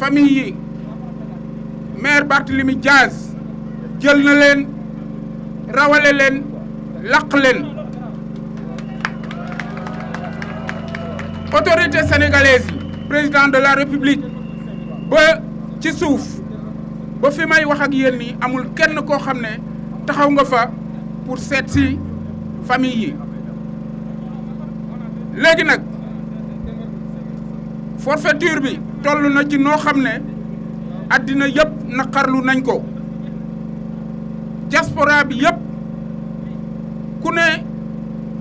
famille maire Barthélemy Diaz jël na leen rawale leen laq autorité sénégalaise président de la république ba ci suuf ba fi may wax ak amul kenn fa pour cette famille yi forfaiture bi tollu na ci no xam adina yep yëpp naqarlu nañ ko diaspora bi yep, ku ne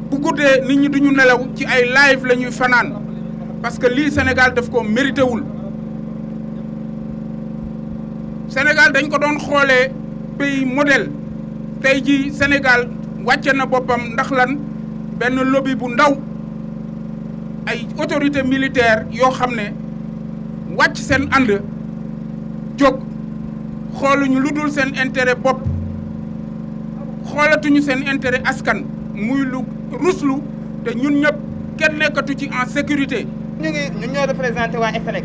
bu goudé nit ñi duñu nelaw ci ay live la fanan, parce que li Sénégal daf ko mérité wul Sénégal dañ ko doon xolé pays modèle tay ji Sénégal wàcce na bopam ndax lan ben lobby bu ndaw ay autorité militaire yoo xam ne wàcc seen ànd jóg xooluñu lu dul seen intérêt bopp xoolatuñu seen intérêt askan muy lu ruslu te ñun ñëpp kenn nekkatu ci en sécurité ñu ngi ñun ñoo représenté waa Excelec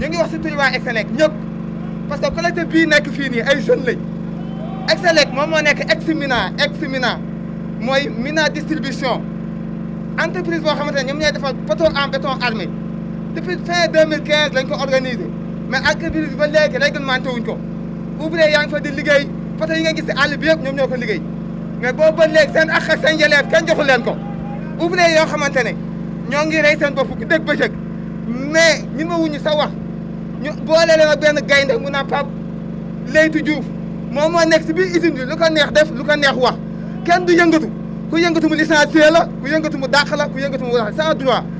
ñu ngi wax si turi waa Excelec ñëpp parce que collectif bii nekk fii nii ay jeunes lañ Excelec moom moo nekk ex Mina ex Mina mooy Mina distribution entreprise boo xamante ne ñoom ñooy defar poteau en béton armé depuis fin 2015 lañ ko organisé mais entreprise ba léegi réglementé wuñ ko ouvrier yaa ngi fa di liggéey poteau yi nga gis si àll bi yëpp ñoom ñoo ko liggéey mais boobu ba léegi seen ak ak seen yeleef kenn joxu leen ko ouvrier yoo xamante ne ñoo ngi rey seen bopp dëgg ba bëccëg mais ñu ma wuñu sa wax ñu boole leen ak benn gaynde mu naa pap leytu juuf moom moo nekk si biir usine bi lu ko neex def lu ko neex wax kenn du yëngatu ku yëngatu mu licencié la ku yëngatu mu dàq la ku yëngatu mu wax sans droit